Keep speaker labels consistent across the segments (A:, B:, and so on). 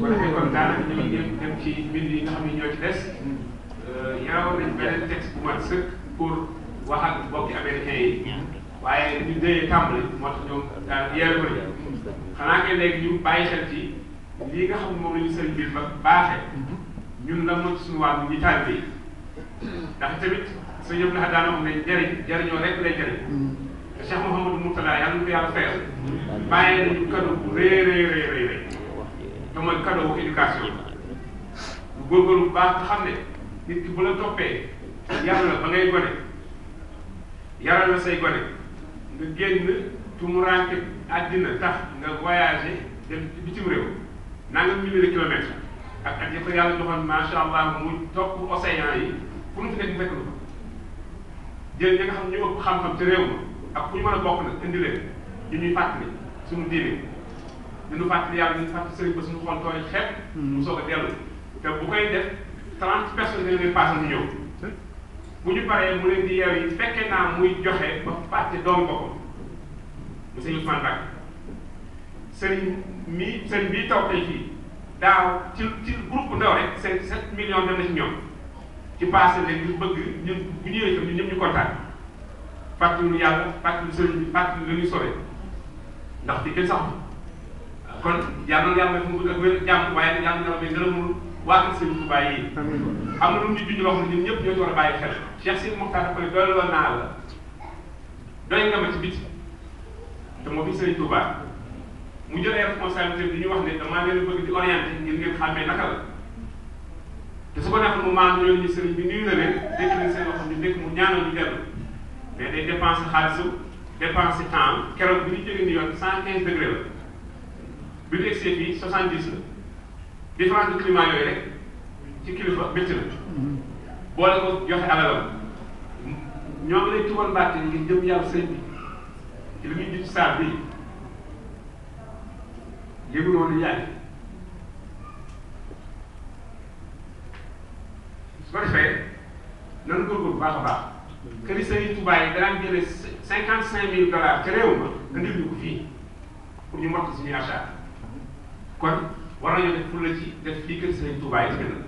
A: bu defee kon daanaka ñu ngi jëm dem ci mbind yi nga xam ne ñoo euh, bu mat sëkk pour wax ak mbokki américain yi waaye ñu dëyee tàmbali moo tax ñoom daal yeer ma xanaa kay léegi ñu bàyyi xel ci lii nga xam ne moom la ñu sëriñ bi ba baaxee ñun la mot suñu wàllu ñu taal bi ndax tamit sa yëpp la daana wax ne jëriñ jëriñoo rek lay jëriñ te Cheikh Mouhamadou Mourtala yàlla na ko yàlla fayal bàyyi nañu kado bu rëy rëy rëy rëy te mooy cadeau wu éducation bu góorgóorlu bu baax nga xam ne nit ki bu la toppee yar la ba ngay gone yaral la say gone nga génn tumuraanke àddina tax nga voyagé dem bitim réew nangam milliers de kilomètres ak at yëpp yàlla joxoon macha allah mu topp océan yi fu nu fi nekk fekk na jël ñi nga xam ñu ëpp xam-xam te réew ma ak fu ñu mën a bokk nag indi leen ñu ñuy fàttali suñu diine ñu fàttali yàlla ñu fàttali sëriñ ba suñu xool tooy xeet hmm. mu soog a dellu te bu koy def trente personnes dañ leen paasal ñu ñëw bu ñu paree mu leen di yeew yi fekkee naa muy joxe ba fàtte doom boppam mu sëñ Ousmane Bakk sëriñ mi sëriñ bii taw tey fii daaw ci ci groupe na ci ñoom ci passé leen ñu bëgg ñun bu ñëwee itam ñu kontaan fàttali yàlla fàttali sëriñ bi fàttali la ñuy sore ndax di kenn sax kon yàlla yàlla fu mu gudd ak wér jàmm waaye yàlla yàlla may ngërëmul waa kër Sëriñ Tuubaa yi am na lu ñu junj wax ne ñun ñëpp ñoo ci war a bàyyi xel Cheikh Sidi Mokhtar daf koy doyloo naa la doy nga ma ci biti te moo fi Sëriñ Tuubaa mu jëlee responsabilité bi ñu wax ne damaa leen bëgg di orienté ngir ngeen xàmmee naka la te su ko neexoon mu maam ñooñu ñu sëriñ bi nuyu na leen dégg nañ seen wax ñu dégg mu ñaanal ñu dellu mais day dépensé xaalisu dépensé temps keroog bi ñu jógee ni yoon cent quinze degré la bi ñu egsee fii soixante dix la différence de climat yooyu rek ci kilifa métti la boole ko joxe alalam ñoom lay tuwal mbàtte ngir jëm yàlla sëñ bi ci li muy jiitu saar bii yëgu woon yaay su ko defee nan góorgóorlu baax a baax kër yi sëñ Tuubaa yi danaan jëlee cinquante cinq mille dollars ca réew ma nga déglu ko fii pour ñu mott suñuy achat kon war nañoo def fulla ci def lii kër Sëriñ Tuubaa yi benn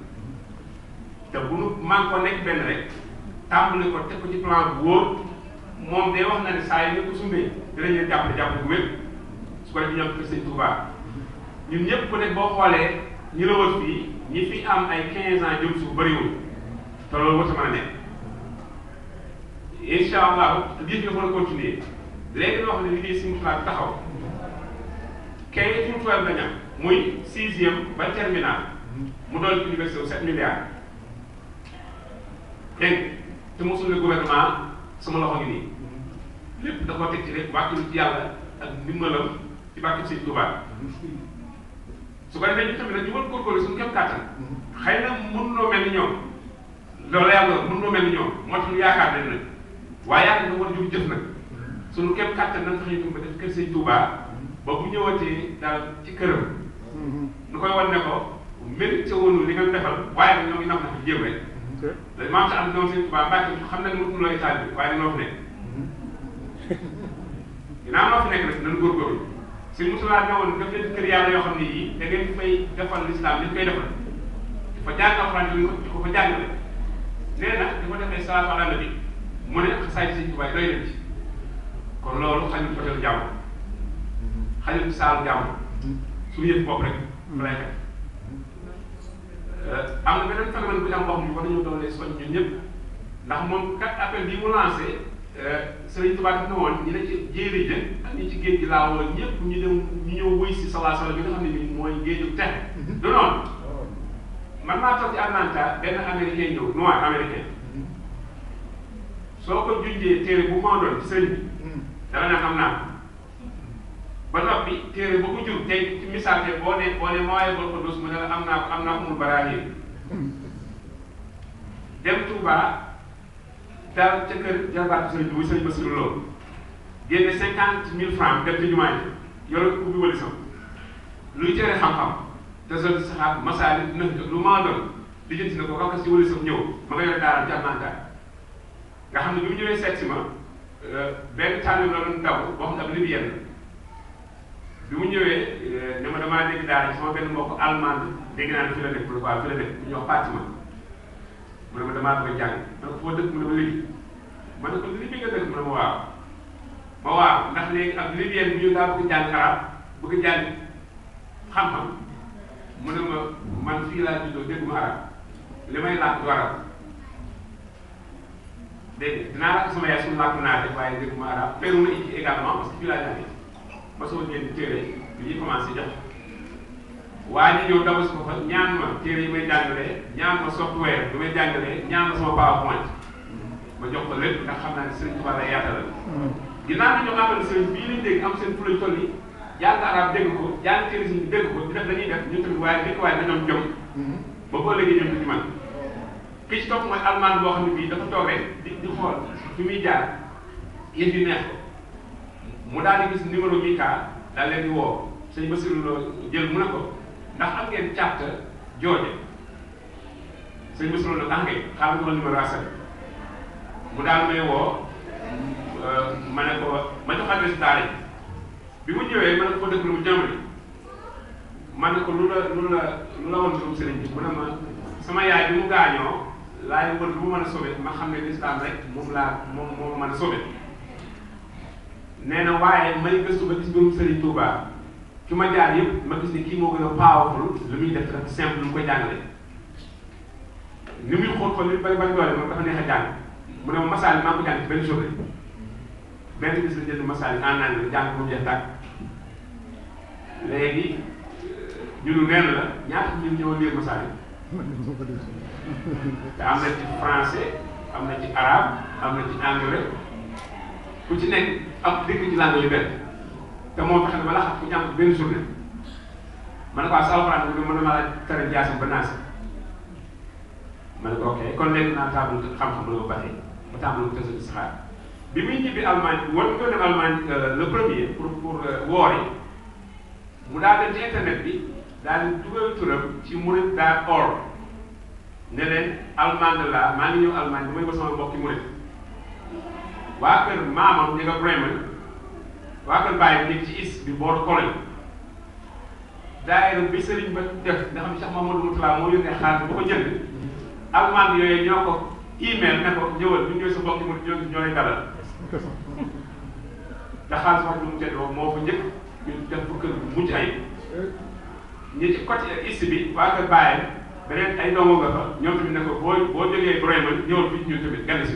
A: te bu nu man ko nekk benn rek ko te ko ci plan bu wóor moom day wax na ne saa yi ne ko sumbee dinañ leen jàppale jàppale bu wér su ko defee ñoom kër Sëriñ Tuubaa ñun ñëpp ku nekk boo xoolee ñu la wër fii ñi fi am ay 15 ans jëm suuf bëriwul te loolu war a nekk incha allahu te biir nga mën a continuer léegi loo xam ne taxaw kenn ci mu tuwaay ba muy sixième ba terminal mu doon université wu sept milliards dégg te mosul ne gouvernement sama loxo ngi nii lépp da koo teg ci rek wàccu ci yàlla ak ndimbalam ci bàkki sëñ Tuubaa su ko defee ñu tamit nag ñu mën góorgóorlu suñu kéem kàttan xëy na mënuloo mel ni ñoom loolu yàlla mënuloo mel ni ñoom moo tax ñu yaakaar leen nag waaye yaakaar nga war ñu jëf nag suñu kéem kàttan nan fexe ñu ba def kër sëñ Tuubaa ba bu ñëwatee daal ci këram ñu koy wan ne ko mérite woonu li nga defal waaye nag ñoom ñu nax na ko jéem rek. dañ maam sa am doon seen tubaab mbàkke xam nañ mënu lay taal bi waaye noo fi nekk. ginnaaw noo fi nekk nag nañ góorgóorlu suñ musulaa ne woon def leen kër yàlla yoo xam ne yii da ngeen fay defal lislaam liñ koy defal di fa jàng alxuraan yi di ko fa jàngale nee na di fa defee salaatu ala nabi mu ne xasaay sëñ tubaab doy na ci kon loolu xañul hôtel jàmm mm-hmm. xañul saal jàmm suñu yëf bopp rek mu lay fekk am na beneen phénomène bu am boo xam ne war nañoo doole soñ ñun ñëpp ndax moom kat appel bi mu lancé euh, Serigne Touba daf ne woon ñi ne ci jéeri jën ak ñi ci géej gi laa woon ñëpp ñu dem ñu ñëw wuy si salaa sala bi nga xam ne bi mooy géeju tex mhm. du noonu man maa toog ci Atlanta benn américain ñëw noir américain mhm. soo ko junjee téere bu ma doon sëriñ bi mhm. dara ne xam naa ba noppi téere ba ko jur tey ci misaal te boo ne boo mooy bul xudus mu ne la am naa ko am dem Touba daal ca kër jarbaatu sëñ bi muy sëñ Basiru Lo génne cinquante mille francs dem ci jumaa ji yore ko ubbi wëlisam luy tere xam-xam lu maa doon lijjanti na ko si wëlisam ñëw ma nga yore daaram ci amandaar nga xam ne bi mu ñëwee seet si ma euh, benn tànn la doon daw boo bi mu ñëwee eh, ne ma damaa dégg daal sama benn mbokk almande dégg naa ne fi la nekk bu baax fi la nekk ñu wax Fatima mu ne ma damaa koy jàng ma ne ko foo dëkk mu ne ma léegi ma ne ko li bi nga dëkk mu ne ma waaw ma waaw ndax léegi ak libyen bi ñu daa bëgg jàng arab bëgg jàng xam-xam mu ne ma man fii laa juddoo dégguma arab li may làkk du arab dégg dinaa làkk sama yaay suñu làkk naa def waaye dégguma arab mais mu ne également parce que fii laa jàngee mosuma génn téere bi ñuy commencé jox waaye ñu ñëw dabasu ko fa ñaan ma téere yi may jàngalee ñaan ma software bi may jàngalee ñaan ma sama PowerPoint ma jox ko lépp ndax xam naa ne sëriñ Tuubaa lay yaatalal ginnaaw bi ñu xamal sëriñ bii lañ dégg am seen fu lañ toll yi jàng arab dégg ko jàng téere si dégg ko di def dañuy def ñu tamit waaye dëkk waaye dañoom jëm ba boo léegi ñoom ñu man ki ci topp mooy almaan boo xam ne bii dafa di di xool fi muy jaar yëf yi neex mu daal di gis numéro bi ka daal leen di woo sëñ Basiru loo jël mu ne ko ndax am ngeen carte jooje sëñ Basiru loo daa ngay xaaral ma numéro asal mu daal may woo euh, ko ma jox adresse daara bi mu ñëwee ma ne ko dëkk lu mu jàmbale ma ko lu la lu la lu la woon sëriñ bi ma sama bi mu gaañoo laay wër lu mu mën a ma xam ne lislaam rek moom laa moom moo nee na waaye may gëstu ba gis mbirum Serigne Touba ci ma jaar ma gis ne kii moo gën a powerful lu muy def dafa simple lu mu koy jàngale ni muy xool xool li bari bari doole moom dafa neex a jàng mu ne ma masaali maa ko jàng ci benn journée benn bis la jënd masaali en anglais jàng ko mu jeex tàkk léegi ñunu neen la ñaata ñun ñëw lire masaali te am na ci français am na ci arabe am na ci anglais ku ci nekk am dëkk ci langue yu benn te moo tax ne ba la xam ku ci am benn ma ne ko sa ah, alxuraan bi mën na maa tere jaasi ba naas ma ne ko ok kon léegi naa taamu xam-xam la ba pare mu taamu lu mu tës a saxaar bi muy ñibbi Allemagne war nga dem Allemagne euh, le premier pour pour euh, woor yi mu daal dem ci bi daal di dugal turam daa or ne leen Allemagne la maa ngi ñëw Allemagne bu may ko sama mbokki murid waa kër maamam ñu nga Bremen waa kër bàyyi bi nekk ci is bi booru Cologne daayira bi sëriñ ba def nga xam ne Cheikh Mamadou Moutala moo yónnee xaalis ba ko jënd yooyu ñoo ko email ne ko ñëwal ñu ñëw sa bokk mu ñoo ñoo lay dalal te xaalis wax lu bu kër bu ay ñi ci côté is bi waa kër bàyyi beneen ay doomu nga fa ñoom ne ko boo boo jógee Bremen ñëwal fii ñu tamit gane si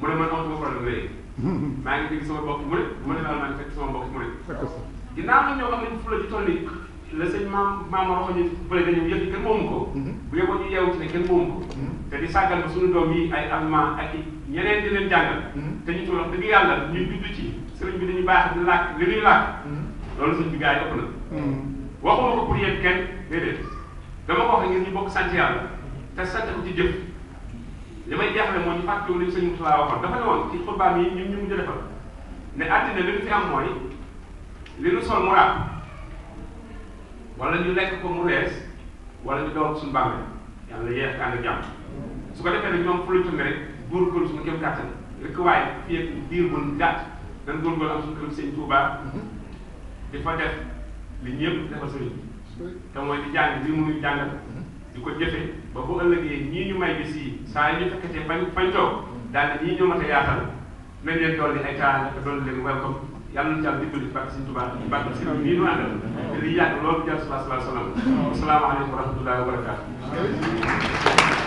A: mu ne man amatuma problème wéy maa ngi dégg sama bopp mu ne ma demee maa ngi fekk sama bopp mu ne ginnaaw nag ñoo xam ne fu la ji toll nii la sëñ maam maam waxoon ñu bële dañu yëpp kenn moomu ko mhm. bu yeboo ñu yeewu ne kenn moomu ko mhm. te di sàggal ba suñu doom yi ay allemand ak i ñeneen di leen jàngal mhm. te ñu ci wax dëgg yàlla ñu judd ci sëriñ bi dañu baax di làkk li ñuy làkk loolu sëñ bi gars yi ëpp na waxuma ko pour yéen o déedéet dama ko wax ngir ñu bokk sant yàlla te sant ko ci li may jeexale mooy ñu fàttali li sëñ Moussa waxoon dafa ne woon ci xutbaam yi ñun ñu mujj defal ne àddina li ñu fi am mooy li ñu sol mu raab wala ñu lekk ko mu rees wala ñu doon suñu bàmmeel yàlla yeex ka ànd ak jàmm su ko defee nag ñoom fu la tourné rek góorgóorlu suñu kéem kàttan rek waaye fii ak diir bu gàtt dañ góorgóorlu am suñu kër sëñ Touba di fa def li ñëpp defal sëriñ bi te mooy di jàng li mënuñ jàngal di ko bu ëllëgee ñii ñu may saa yi ñu fekkatee bañ bañ toog daal di ñii ñoo mat a yaatal nañ leen dolli ay taal ak dolli leen welcome yàlla na ci am dimbali ci barke Sëriñ Tuubaa ci barke Sëriñ bii nu àndal te liy yàgg loolu jar sallallahu alayhi wa sallam asalaamaaleykum wa wa barakaatu